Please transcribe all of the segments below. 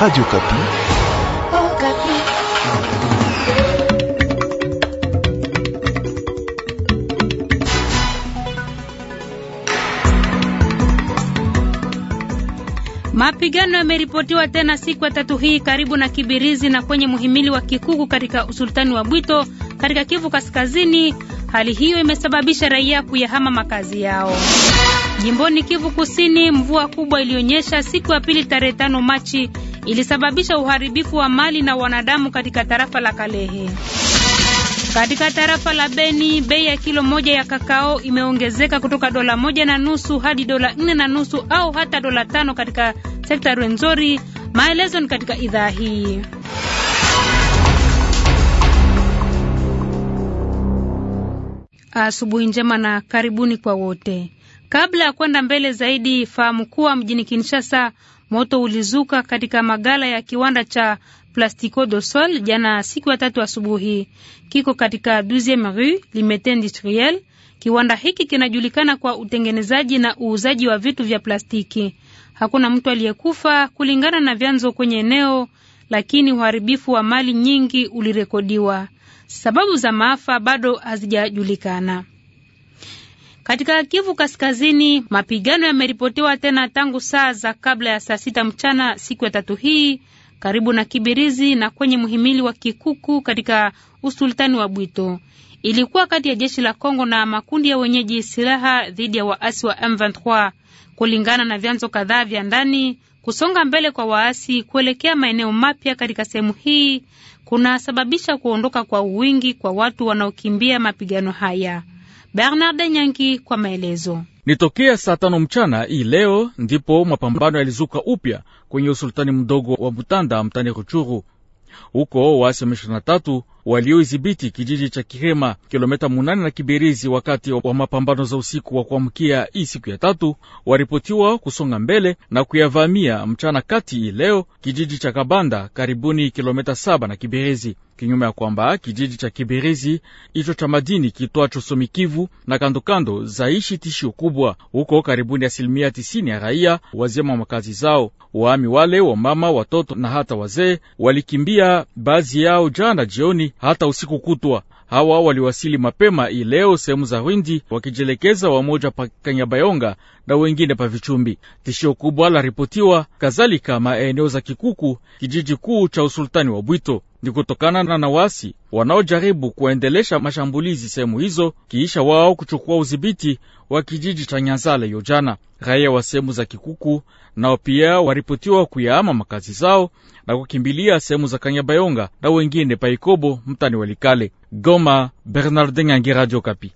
Radio Kapi. Oh, Kapi. Mapigano yameripotiwa tena siku ya tatu hii karibu na Kibirizi na kwenye muhimili wa Kikuku katika usultani wa Bwito katika Kivu Kaskazini. Hali hiyo imesababisha raia kuyahama makazi yao. Jimboni Kivu Kusini, mvua kubwa iliyonyesha siku ya pili tarehe 5 Machi ilisababisha uharibifu wa mali na wanadamu katika tarafa la Kalehe. Katika tarafa la Beni, bei ya kilo moja ya kakao imeongezeka kutoka dola moja na nusu hadi dola nne na nusu au hata dola tano katika sekta Rwenzori. Maelezo ni katika idhaa hii. Asubuhi njema na karibuni kwa wote. Kabla ya kwenda mbele zaidi, fahamu kuwa mjini Kinshasa Moto ulizuka katika magala ya kiwanda cha Plastico do Sol jana siku ya tatu asubuhi. Kiko katika 12 rue Limete Industriel. Kiwanda hiki kinajulikana kwa utengenezaji na uuzaji wa vitu vya plastiki. Hakuna mtu aliyekufa kulingana na vyanzo kwenye eneo, lakini uharibifu wa mali nyingi ulirekodiwa. Sababu za maafa bado hazijajulikana. Katika Kivu Kaskazini, mapigano yameripotiwa tena tangu saa za kabla ya saa sita mchana siku ya tatu hii karibu na Kibirizi na kwenye muhimili wa Kikuku katika usultani wa Bwito. Ilikuwa kati ya jeshi la Kongo na makundi ya wenyeji silaha dhidi ya waasi wa M23. Kulingana na vyanzo kadhaa vya ndani, kusonga mbele kwa waasi kuelekea maeneo mapya katika sehemu hii kunasababisha kuondoka kwa wingi kwa watu wanaokimbia mapigano haya. Bernard Nyangi kwa maelezo. Ni tokea saa tano mchana hii leo ndipo mapambano yalizuka upya kwenye usultani mdogo wa Mutanda mtani Ruchuru. Huko waasi wa M23 walioidhibiti kijiji cha Kirema, kilomita munane na Kibirizi, wakati wa mapambano za usiku wa kuamkia hii siku ya tatu, waripotiwa kusonga mbele na kuyavamia mchana kati ileo kijiji cha Kabanda, karibuni kilomita saba na Kibirizi kinyume ya kwamba kijiji cha kiberizi hicho cha madini kitwacho Somikivu na kandokando zaishi tishio kubwa huko. Karibuni asilimia tisini ya raia wazima makazi zao, waami wale wa mama, watoto na hata wazee walikimbia baadhi yao jana jioni, hata usiku kutwa. Hawa waliwasili mapema ileo sehemu za Rwindi wakijielekeza wamoja pa Kanyabayonga na wengine pa Vichumbi. Tishio kubwa la ripotiwa kadhalika maeneo za Kikuku, kijiji kuu cha usultani wa Bwito ni kutokana na nawasi wanaojaribu kuendelesha mashambulizi sehemu hizo kiisha wao kuchukua udhibiti wa kijiji cha Nyanzale yo jana. Raia wa sehemu za Kikuku nao pia waripotiwa kuyaama makazi zao na kukimbilia sehemu za Kanyabayonga na wengine Paikobo mtani Walikale. Goma, Bernardin Nyangi, Radio Kapi.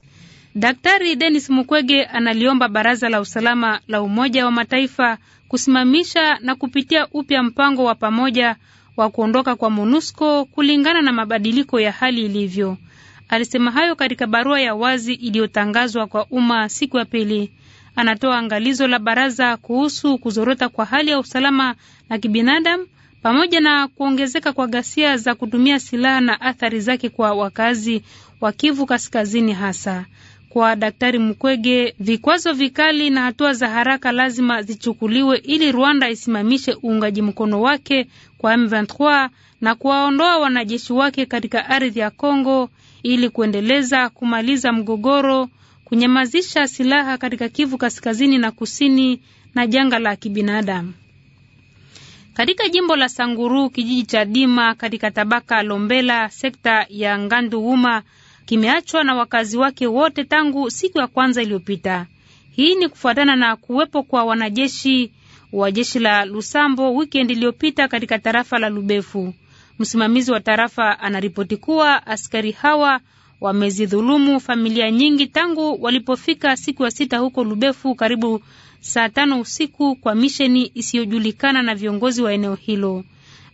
Daktari Denis Mukwege analiomba Baraza la Usalama la Umoja wa Mataifa kusimamisha na kupitia upya mpango wa pamoja wa kuondoka kwa MONUSCO kulingana na mabadiliko ya hali ilivyo. Alisema hayo katika barua ya wazi iliyotangazwa kwa umma siku ya pili. Anatoa angalizo la baraza kuhusu kuzorota kwa hali ya usalama na kibinadamu pamoja na kuongezeka kwa ghasia za kutumia silaha na athari zake kwa wakazi wa Kivu Kaskazini hasa kwa Daktari Mukwege, vikwazo vikali na hatua za haraka lazima zichukuliwe ili Rwanda isimamishe uungaji mkono wake kwa M23 na kuwaondoa wanajeshi wake katika ardhi ya Kongo ili kuendeleza kumaliza mgogoro, kunyamazisha silaha katika Kivu kaskazini na kusini na janga la kibinadamu. Katika jimbo la Sanguru, kijiji cha Dima katika tabaka Lombela, sekta ya Nganduuma kimeachwa na wakazi wake wote tangu siku ya kwanza iliyopita. Hii ni kufuatana na kuwepo kwa wanajeshi wa jeshi la Lusambo wikendi iliyopita katika tarafa la Lubefu. Msimamizi wa tarafa anaripoti kuwa askari hawa wamezidhulumu familia nyingi tangu walipofika siku ya sita huko Lubefu karibu saa tano usiku kwa misheni isiyojulikana na viongozi wa eneo hilo,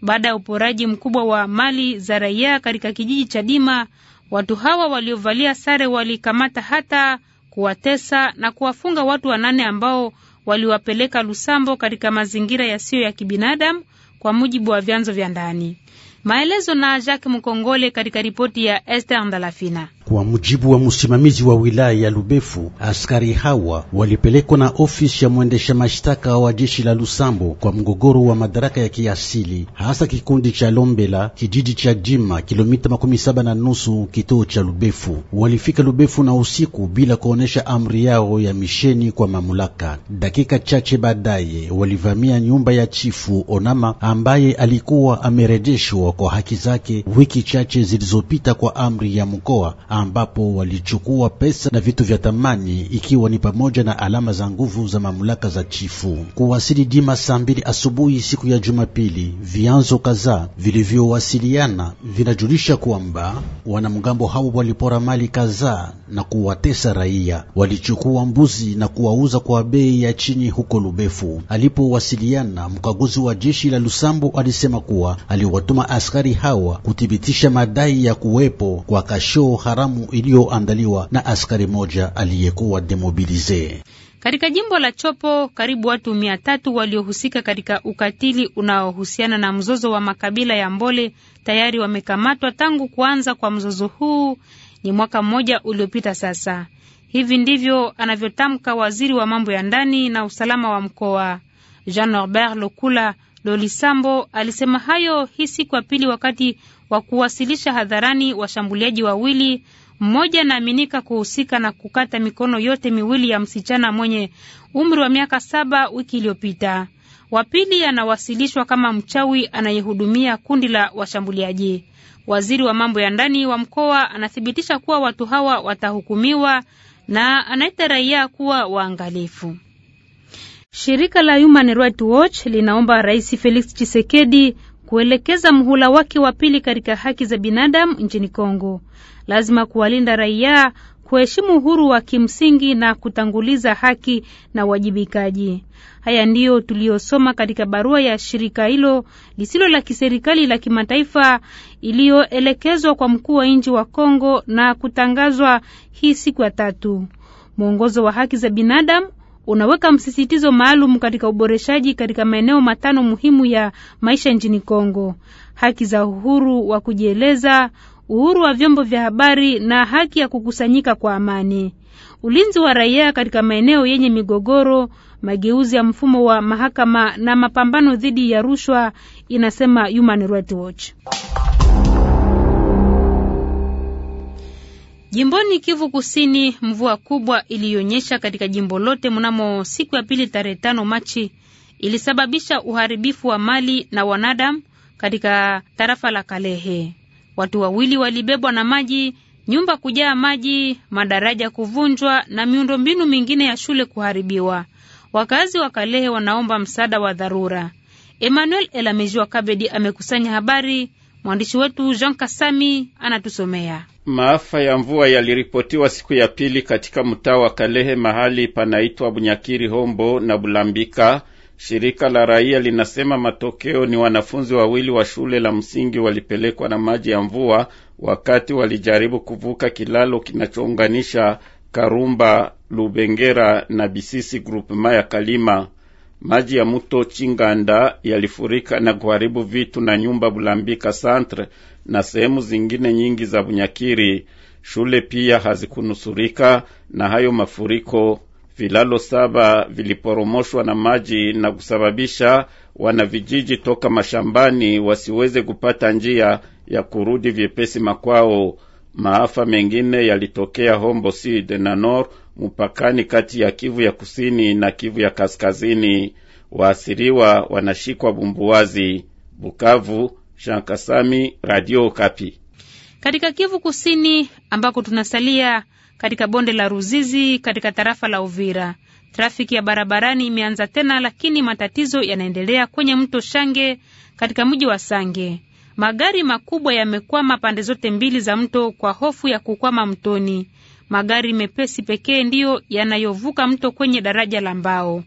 baada ya uporaji mkubwa wa mali za raia katika kijiji cha Dima. Watu hawa waliovalia sare walikamata hata kuwatesa na kuwafunga watu wanane ambao waliwapeleka Lusambo katika mazingira yasiyo ya kibinadamu kwa mujibu wa vyanzo vya ndani. Maelezo na Jacques Mkongole katika ripoti ya Esther Ndalafina. Kwa mujibu wa msimamizi wa wilaya ya Lubefu, askari hawa walipelekwa na ofisi ya mwendesha mashtaka wa jeshi la Lusambo kwa mgogoro wa madaraka ya kiasili, hasa kikundi cha Lombela kijiji cha Jima, kilomita makumi saba na nusu kituo cha Lubefu. Walifika Lubefu na usiku bila kuonesha amri yao ya misheni kwa mamlaka. Dakika chache baadaye walivamia nyumba ya chifu Onama ambaye alikuwa amerejeshwa kwa haki zake wiki chache zilizopita kwa amri ya mkoa ambapo walichukua pesa na vitu vya thamani ikiwa ni pamoja na alama za nguvu za mamlaka za chifu. Kuwasili Dima saa mbili asubuhi siku ya Jumapili, vyanzo kadhaa vilivyowasiliana vinajulisha kwamba wanamgambo hao walipora mali kadhaa na kuwatesa raia. Walichukua mbuzi na kuwauza kwa bei ya chini huko Lubefu. Alipowasiliana, mkaguzi wa jeshi la Lusambo alisema kuwa aliwatuma askari hawa kuthibitisha madai ya kuwepo kwa kashoo haramu zamu iliyoandaliwa na askari moja aliyekuwa demobilize. Katika jimbo la Chopo karibu watu mia tatu waliohusika katika ukatili unaohusiana na mzozo wa makabila ya Mbole tayari wamekamatwa tangu kuanza kwa mzozo huu, ni mwaka mmoja uliopita sasa. Hivi ndivyo anavyotamka waziri wa mambo ya ndani na usalama wa mkoa Jean Norbert Lokula Lolisambo. Alisema hayo hii siku ya pili wakati wa kuwasilisha hadharani washambuliaji wawili, mmoja anaaminika kuhusika na kukata mikono yote miwili ya msichana mwenye umri wa miaka saba wiki iliyopita. Wa pili anawasilishwa kama mchawi anayehudumia kundi la washambuliaji. Waziri wa mambo ya ndani wa mkoa anathibitisha kuwa watu hawa watahukumiwa na anaita raia kuwa waangalifu. Shirika la Human Rights Watch linaomba Rais Felix Tshisekedi kuelekeza mhula wake wa pili katika haki za binadamu nchini Kongo. Lazima kuwalinda raia, kuheshimu uhuru wa kimsingi na kutanguliza haki na uwajibikaji. Haya ndiyo tuliyosoma katika barua ya shirika hilo lisilo la kiserikali la kimataifa iliyoelekezwa kwa mkuu wa nchi wa Kongo na kutangazwa hii siku ya tatu. Mwongozo wa haki za binadamu unaweka msisitizo maalum katika uboreshaji katika maeneo matano muhimu ya maisha nchini Kongo: haki za uhuru wa kujieleza, uhuru wa vyombo vya habari na haki ya kukusanyika kwa amani, ulinzi wa raia katika maeneo yenye migogoro, mageuzi ya mfumo wa mahakama na mapambano dhidi ya rushwa, inasema Human Rights Watch. Jimboni Kivu Kusini, mvua kubwa iliyonyesha katika jimbo lote mnamo siku ya pili tarehe tano Machi ilisababisha uharibifu wa mali na wanadamu katika tarafa la Kalehe. Watu wawili walibebwa na maji, nyumba kujaa maji, madaraja kuvunjwa na miundombinu mingine ya shule kuharibiwa. Wakazi wa Kalehe wanaomba msaada wa dharura. Emmanuel Elamejiwa Kabedi amekusanya habari Mwandishi wetu Jean Kasami anatusomea. Maafa ya mvua yaliripotiwa siku ya pili katika mtaa wa Kalehe, mahali panaitwa Bunyakiri Hombo na Bulambika. Shirika la raia linasema matokeo ni wanafunzi wawili wa shule la msingi walipelekwa na maji ya mvua wakati walijaribu kuvuka kilalo kinachounganisha Karumba, Lubengera na Bisisi Grupema ya Kalima. Maji ya mto Chinganda yalifurika na kuharibu vitu na nyumba Bulambika Centre na sehemu zingine nyingi za Bunyakiri. Shule pia hazikunusurika na hayo mafuriko. Vilalo saba viliporomoshwa na maji na kusababisha wanavijiji toka mashambani wasiweze kupata njia ya kurudi vyepesi makwao. Maafa mengine yalitokea Hombo Sud na Nord mpakani kati ya Kivu ya kusini na Kivu ya kaskazini. Waasiriwa wanashikwa Bumbuwazi, Bukavu. Jean Kasami, Radio Kapi. Katika Kivu kusini ambako tunasalia katika bonde la Ruzizi katika tarafa la Uvira, trafiki ya barabarani imeanza tena, lakini matatizo yanaendelea kwenye mto Shange katika mji wa Sange. Magari makubwa yamekwama pande zote mbili za mto kwa hofu ya kukwama mtoni. Magari mepesi pekee ndiyo yanayovuka mto kwenye daraja la mbao.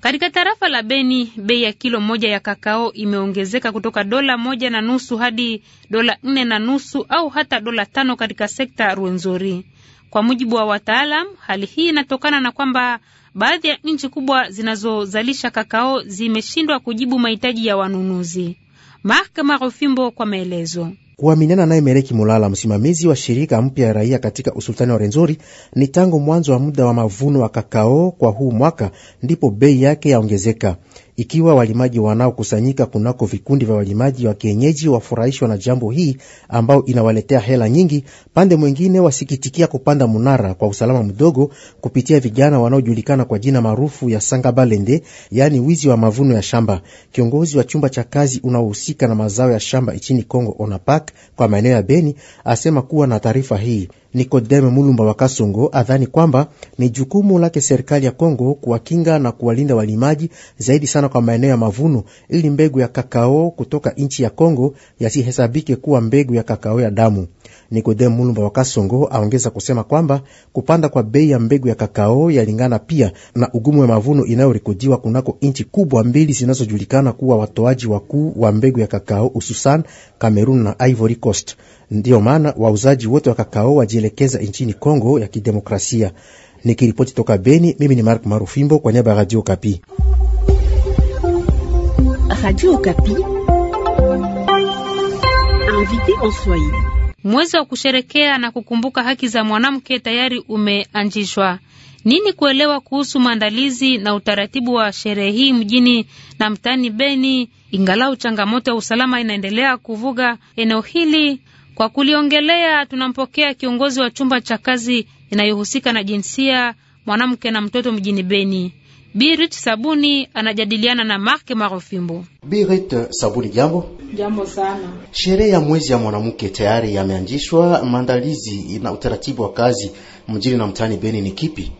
Katika tarafa la Beni, bei ya kilo moja ya kakao imeongezeka kutoka dola moja na nusu hadi dola nne na nusu au hata dola tano katika sekta Ruenzori. Kwa mujibu wa wataalam, hali hii inatokana na kwamba baadhi ya nchi kubwa zinazozalisha kakao zimeshindwa kujibu mahitaji ya wanunuzi. Mark Marofimbo kwa maelezo. Kuaminiana naye Meleki Mulala, msimamizi wa shirika mpya ya raia katika usultani wa Renzori, ni tangu mwanzo wa muda wa mavuno wa kakao kwa huu mwaka ndipo bei yake yaongezeka. Ikiwa walimaji wanaokusanyika kunako vikundi vya walimaji wa kienyeji wafurahishwa na jambo hii ambao inawaletea hela nyingi, pande mwingine wasikitikia kupanda munara kwa usalama mdogo kupitia vijana wanaojulikana kwa jina maarufu ya sangabalende, yaani wizi wa mavuno ya shamba. Kiongozi wa chumba cha kazi unaohusika na mazao ya shamba nchini Kongo, ONAPAK, kwa maeneo ya Beni asema kuwa na taarifa hii Nikodeme Mulumba wa Kasongo adhani kwamba ni jukumu lake serikali ya Kongo kuwakinga na kuwalinda walimaji zaidi sana kwa maeneo ya mavuno, ili mbegu ya kakao kutoka nchi ya Kongo yasihesabike kuwa mbegu ya kakao ya damu. Nikodeme Mulumba wa Kasongo aongeza kusema kwamba kupanda kwa bei ya mbegu ya kakao yalingana pia na ugumu wa mavuno inayorekodiwa kunako nchi kubwa mbili zinazojulikana kuwa watoaji wakuu wa mbegu ya kakao, hususan Kamerun na Ivory Coast. Ndiyo maana wauzaji wote wa kakao wajielekeza nchini Kongo ya Kidemokrasia. Nikiripoti toka Beni, mimi ni Mark Marufimbo kwa niaba ya Radio Kapi. Mwezi wa kusherekea na kukumbuka haki za mwanamke tayari umeanzishwa. Nini kuelewa kuhusu maandalizi na utaratibu wa sherehe hii mjini na mtaani Beni, ingalau changamoto ya usalama inaendelea kuvuga eneo hili? Kwa kuliongelea, tunampokea kiongozi wa chumba cha kazi inayohusika na jinsia, mwanamke na mtoto mjini Beni. Birit Sabuni anajadiliana na Mark Marofimbo. Birit Sabuni, jambo. Jambo sana. Sherehe ya mwezi ya mwanamke tayari yameanzishwa, maandalizi na utaratibu wa kazi mjini na mtaani Beni ni kipi?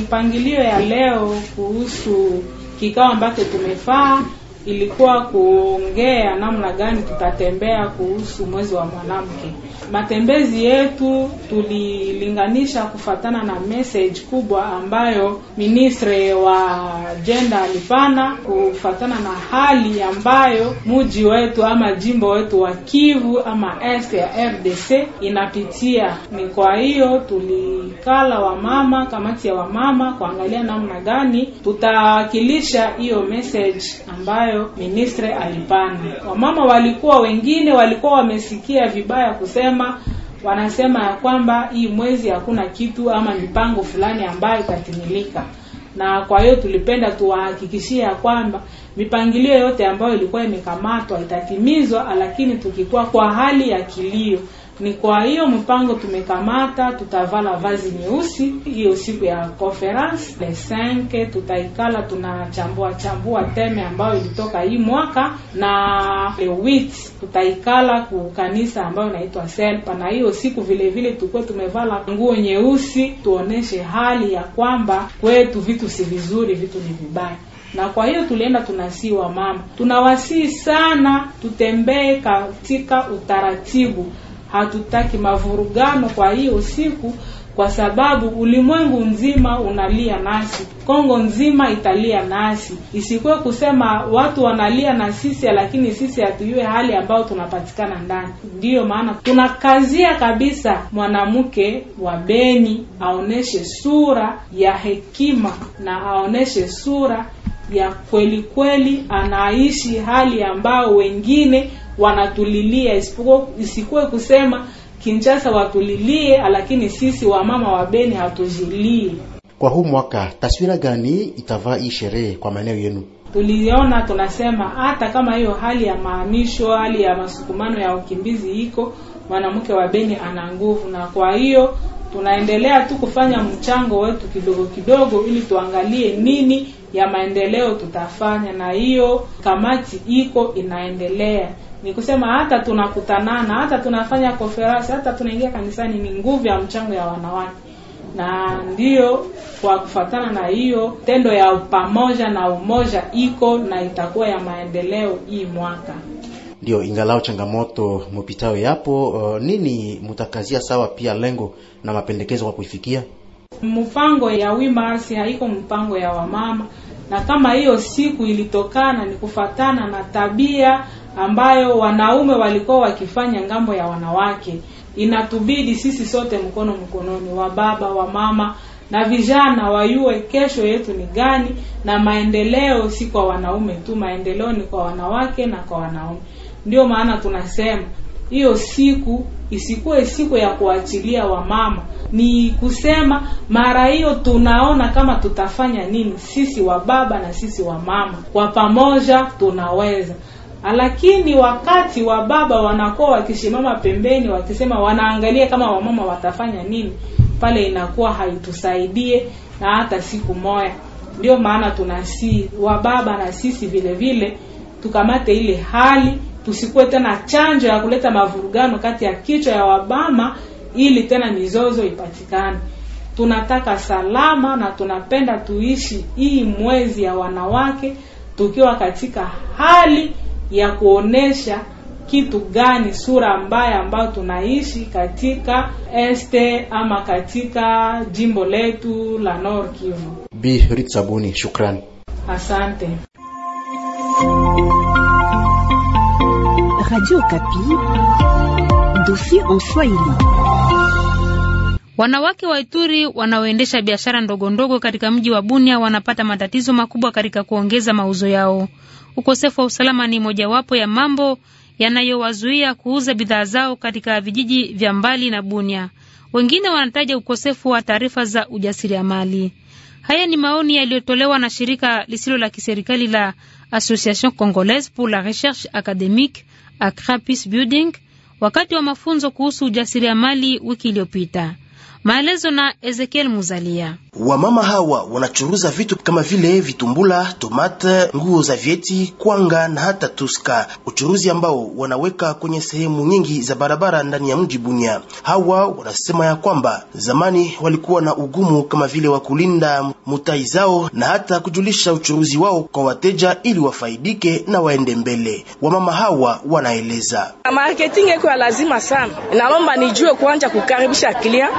Mpangilio ya leo kuhusu kikao ambacho tumefaa ilikuwa kuongea namna gani tutatembea kuhusu mwezi wa mwanamke. Matembezi yetu tulilinganisha kufatana na message kubwa ambayo ministre wa jenda alipana, kufatana na hali ambayo muji wetu ama jimbo wetu wa Kivu ama est ya RDC inapitia. Ni kwa hiyo tulikala wamama, kamati ya wamama, kuangalia namna gani tutawakilisha hiyo message ambayo ambayo ministre alipana. Wamama walikuwa wengine walikuwa wamesikia vibaya kusema, wanasema ya kwamba hii mwezi hakuna kitu ama mipango fulani ambayo itatimilika, na kwa hiyo tulipenda tuwahakikishie ya kwamba mipangilio yote ambayo ilikuwa imekamatwa itatimizwa, lakini tukikuwa kwa hali ya kilio. Ni kwa hiyo mpango tumekamata, tutavala vazi nyeusi hiyo siku ya conference le 5. Tutaikala tunachambua chambua teme ambayo ilitoka hii mwaka, na le 8 tutaikala ku kanisa ambayo inaitwa Selpa, na hiyo siku vile vile tulikuwa tumevala nguo nyeusi, tuoneshe hali ya kwamba kwetu vitu si vizuri, vitu ni vibaya na kwa hiyo tulienda tunasii wa mama, tunawasii sana tutembee katika utaratibu, hatutaki mavurugano kwa hiyo siku, kwa sababu ulimwengu nzima unalia nasi, Kongo nzima italia nasi. Isikuwe kusema watu wanalia na sisi, lakini sisi hatujue hali ambayo tunapatikana ndani. Ndiyo maana tunakazia kabisa mwanamke wa Beni aoneshe sura ya hekima na aoneshe sura ya kweli kweli, anaishi hali ambayo wengine wanatulilia, isikuwe kusema kinchasa watulilie, lakini sisi wamama wa Beni hatujilie. Kwa huu mwaka taswira gani itavaa hii sherehe kwa maeneo yenu? Tuliona tunasema hata kama hiyo hali ya maanisho hali ya masukumano ya ukimbizi iko, mwanamke wa Beni ana nguvu, na kwa hiyo tunaendelea tu kufanya mchango wetu kidogo kidogo, ili tuangalie nini ya maendeleo tutafanya, na hiyo kamati iko inaendelea. Ni kusema hata tunakutanana, hata tunafanya konferensi, hata tunaingia kanisani, ni nguvu ya mchango ya wanawake, na ndiyo kwa kufatana na hiyo tendo ya pamoja na umoja iko na itakuwa ya maendeleo hii mwaka ndio ingalao changamoto mopitao yapo. Uh, nini mutakazia sawa pia lengo na mapendekezo kwa kuifikia mpango ya WIMARS? haiko mpango ya wamama, na kama hiyo siku ilitokana ni kufatana na tabia ambayo wanaume walikuwa wakifanya ngambo ya wanawake. Inatubidi sisi sote mkono mkononi, wa baba, wa mama na vijana wayue kesho yetu ni gani, na maendeleo si kwa wanaume tu, maendeleo ni kwa wanawake na kwa wanaume ndio maana tunasema hiyo siku isikuwe siku ya kuachilia wamama, ni kusema mara hiyo tunaona kama tutafanya nini sisi wa baba na sisi wa mama kwa pamoja tunaweza. Lakini wakati wa baba wanakuwa wakisimama pembeni, wakisema wanaangalia kama wamama watafanya nini, pale inakuwa haitusaidie na hata siku moja. Ndio maana tunasii wa baba na sisi vile vile tukamate ile hali tusikuwe tena chanjo ya kuleta mavurugano kati ya kichwa ya wabama, ili tena mizozo ipatikane. Tunataka salama na tunapenda tuishi hii mwezi ya wanawake tukiwa katika hali ya kuonesha kitu gani sura mbaya ambayo tunaishi katika este ama katika jimbo letu la Nord Kivu. Bi Ritsabuni, shukrani, asante. Radio Kapi, dossier en Swahili. Wanawake wa Ituri wanaoendesha biashara ndogo ndogo katika mji wa Bunia wanapata matatizo makubwa katika kuongeza mauzo yao. Ukosefu wa usalama ni mojawapo ya mambo yanayowazuia kuuza bidhaa zao katika vijiji vya mbali na Bunia. Wengine wanataja ukosefu wa taarifa za ujasiriamali. Haya ni maoni yaliyotolewa na shirika lisilo la kiserikali la Association Congolaise pour la Recherche Académique Akrapis Building wakati wa mafunzo kuhusu ujasiriamali wiki iliyopita. Maelezo na Ezekiel Muzalia. Wamama hawa wanachuruza vitu kama vile vitumbula, tomate, nguo za vyeti, kwanga na hata tuska, uchuruzi ambao wanaweka kwenye sehemu nyingi za barabara ndani ya mji Bunia. Hawa wanasema ya kwamba zamani walikuwa na ugumu kama vile wa kulinda mutai zao na hata kujulisha uchuruzi wao kwa wateja ili wafaidike na waende mbele. Wamama hawa wanaeleza marketing eko lazima sana, naomba nijue kuanja kukaribisha klienti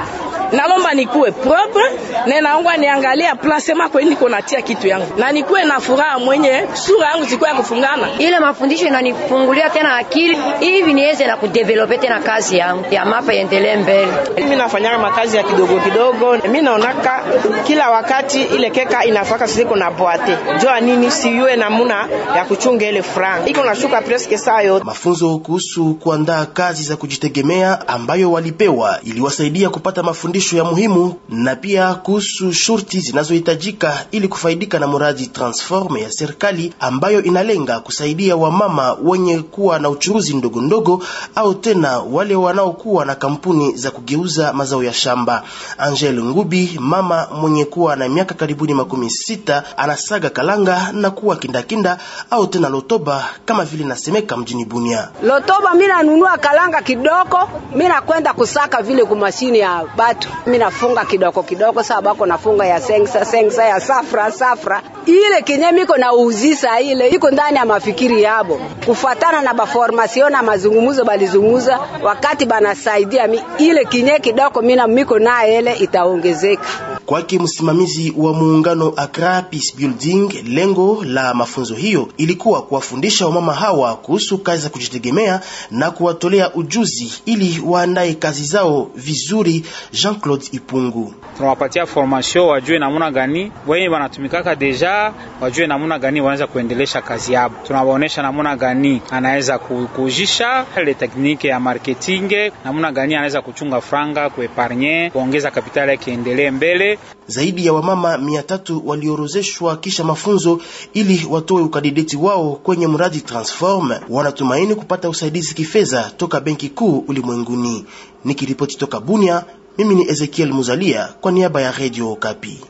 nalomba nikuwe propre na naomba niangalia place ma kwa niko natia kitu yangu na nikuwe na furaha mwenye sura yangu sikuwa ya kufungana. Ile mafundisho inanifungulia tena akili hivi niweze na kudevelope tena kazi yangu ya mapa iendelee mbele. Mimi nafanya makazi ya kidogo kidogo, mimi naonaka kila wakati ile keka inafaka siko na boate jua nini siwe namuna ya kuchunga ile franga iko nashuka presque saa yote. Mafunzo kuhusu kuandaa kazi za kujitegemea ambayo walipewa iliwasaidia kupata mafunzo mafundisho ya muhimu na pia kuhusu shurti zinazohitajika ili kufaidika na muradi transforme ya serikali ambayo inalenga kusaidia wamama wenye kuwa na uchuruzi ndogo ndogo au tena wale wanaokuwa na kampuni za kugeuza mazao ya shamba. Angel Ngubi, mama mwenye kuwa na miaka karibuni makumi sita, anasaga kalanga na kuwa kindakinda au tena lotoba kama vile nasemeka mjini Bunia. Lotoba mimi nanunua kalanga kidogo, mimi nakwenda kusaka vile kumashini ya tatu. Mimi nafunga kidogo kidogo, sababu bako nafunga ya sengsa sengsa ya safra safra, ile kenye miko na uzisa ile iko ndani ya mafikiri yabo, kufuatana na baformasio na mazungumzo balizunguza wakati banasaidia mi ile kinye kidogo, mina miko na ile itaongezeka. Kwake msimamizi wa muungano Accra Peace Building, lengo la mafunzo hiyo ilikuwa kuwafundisha wamama hawa kuhusu kazi za kujitegemea na kuwatolea ujuzi ili waandae kazi zao vizuri. Jean Claude Ipungu: tunawapatia formation wajue namna gani wenye wanatumikaka deja, wajue namna gani wanaweza kuendelesha kazi yao. Tunawaonesha namna gani anaweza kujisha ile tekniki ya marketing, namna gani anaweza kuchunga franga, kuepargne, kuongeza kapitali yake endelee mbele zaidi ya wamama mia tatu waliorozeshwa kisha mafunzo ili watoe ukadideti wao kwenye mradi Transform, wanatumaini kupata usaidizi kifedha toka Benki Kuu ulimwenguni. Nikiripoti toka Bunia, mimi ni Ezekiel Muzalia kwa niaba ya Radio Okapi.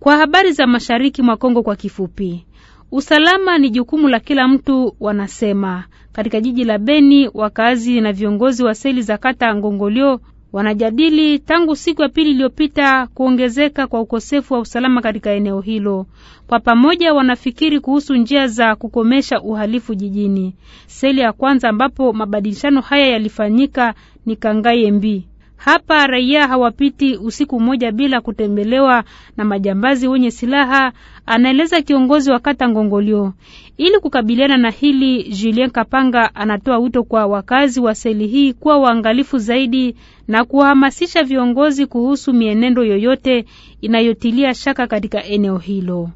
Kwa habari za mashariki mwa Kongo kwa kifupi, usalama ni jukumu la kila mtu, wanasema. Katika jiji la Beni, wakazi na viongozi wa seli za kata Ngongolio wanajadili tangu siku ya pili iliyopita kuongezeka kwa ukosefu wa usalama katika eneo hilo. Kwa pamoja wanafikiri kuhusu njia za kukomesha uhalifu jijini. Seli ya kwanza ambapo mabadilishano haya yalifanyika ni Kangaye Mbi. Hapa raia hawapiti usiku mmoja bila kutembelewa na majambazi wenye silaha, anaeleza kiongozi wa kata Ngongolio. Ili kukabiliana na hili, Julien Kapanga anatoa wito kwa wakazi wa seli hii kuwa waangalifu zaidi na kuwahamasisha viongozi kuhusu mienendo yoyote inayotilia shaka katika eneo hilo.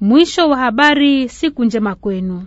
Mwisho wa habari. Siku njema kwenu.